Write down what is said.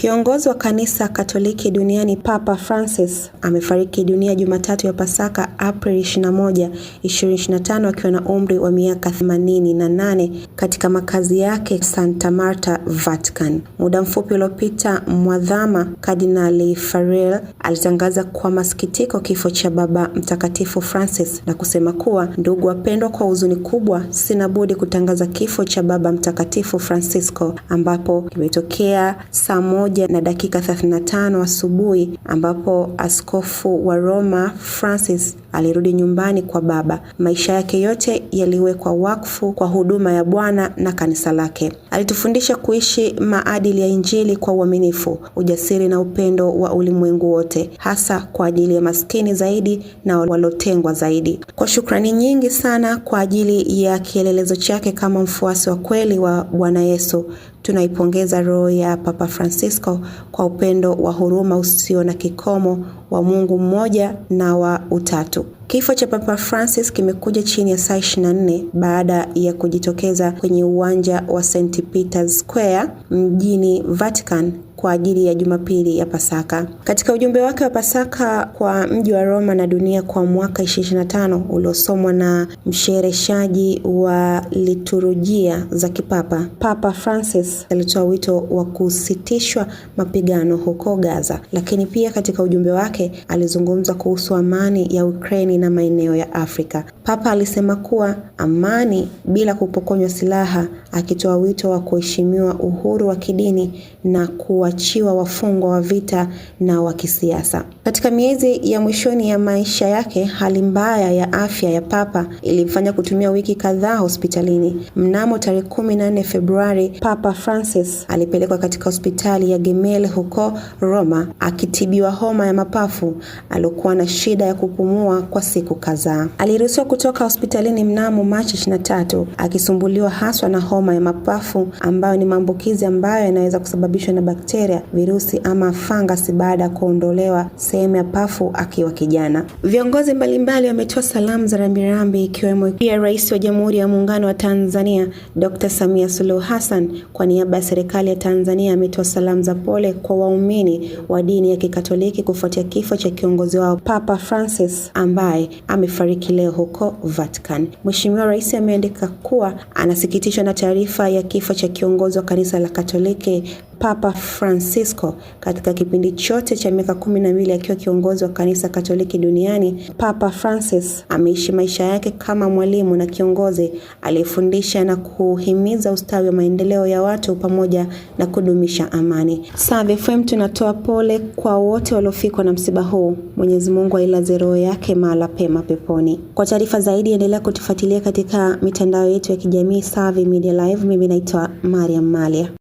Kiongozi wa kanisa Katoliki duniani Papa Francis amefariki dunia Jumatatu ya Pasaka Aprili 21, 2025 akiwa na umri wa miaka 88 katika makazi yake Santa Marta, Vatican. Muda mfupi uliopita, mwadhama Kardinali Farrell alitangaza kwa masikitiko kifo cha Baba Mtakatifu Francis na kusema kuwa, ndugu wapendwa, kwa huzuni kubwa sina budi kutangaza kifo cha Baba Mtakatifu Francisco ambapo kimetokea saa moja na dakika 35 asubuhi ambapo askofu wa Roma Francis alirudi nyumbani kwa Baba. Maisha yake yote yaliwekwa wakfu kwa huduma ya Bwana na kanisa lake. Alitufundisha kuishi maadili ya Injili kwa uaminifu, ujasiri na upendo wa ulimwengu wote, hasa kwa ajili ya maskini zaidi na walotengwa zaidi. Kwa shukrani nyingi sana kwa ajili ya kielelezo chake kama mfuasi wa kweli wa Bwana Yesu, tunaipongeza roho ya Papa Francis Francisco kwa upendo wa huruma usio na kikomo wa Mungu mmoja na wa Utatu. Kifo cha Papa Francis kimekuja chini ya saa 24 baada ya kujitokeza kwenye uwanja wa St Peter's Square mjini Vatican kwa ajili ya Jumapili ya Pasaka. Katika ujumbe wake wa Pasaka kwa mji wa Roma na dunia kwa mwaka 2025 uliosomwa na mshereshaji wa liturujia za kipapa, Papa Francis alitoa wito wa kusitishwa mapigano huko Gaza, lakini pia katika ujumbe wake alizungumza kuhusu amani ya Ukraine Marekani na maeneo ya Afrika. Papa alisema kuwa amani bila kupokonywa silaha, akitoa wito wa kuheshimiwa uhuru wa kidini na kuachiwa wafungwa wa vita na wa kisiasa. Katika miezi ya mwishoni ya maisha yake, hali mbaya ya afya ya Papa ilimfanya kutumia wiki kadhaa hospitalini. Mnamo tarehe 14 Februari, Papa Francis alipelekwa katika hospitali ya Gemel huko Roma akitibiwa homa ya mapafu. Alikuwa na shida ya kupumua kwa siku kadhaa. Aliruhusiwa kutoka hospitalini mnamo Machi 23 akisumbuliwa haswa na homa ya mapafu ambayo ni maambukizi ambayo yanaweza kusababishwa na bakteria, virusi ama fangasi baada ya kuondolewa sehemu ya pafu akiwa kijana. Viongozi mbalimbali wametoa salamu za rambirambi ikiwemo pia Rais wa Jamhuri ya Muungano wa Tanzania Dr. Samia Suluhu Hassan kwa niaba ya serikali ya Tanzania ametoa salamu za pole kwa waumini wa dini ya Kikatoliki kufuatia kifo cha kiongozi wao Papa Francis ambaye ambaye amefariki leo huko Vatican. Mheshimiwa Rais ameandika kuwa anasikitishwa na taarifa ya kifo cha kiongozi wa kanisa la Katoliki Papa Francisco katika kipindi chote cha miaka kumi na mbili akiwa kiongozi wa kanisa Katoliki duniani. Papa Francis ameishi maisha yake kama mwalimu na kiongozi aliyefundisha na kuhimiza ustawi wa maendeleo ya watu pamoja na kudumisha amani. Save FM tunatoa pole kwa wote waliofikwa na msiba huu. Mwenyezi Mungu ailaze roho yake mahala pema peponi. Kwa taarifa zaidi, endelea kutufuatilia katika mitandao yetu ya kijamii Save Media Live. Mimi naitwa Mariam Malia.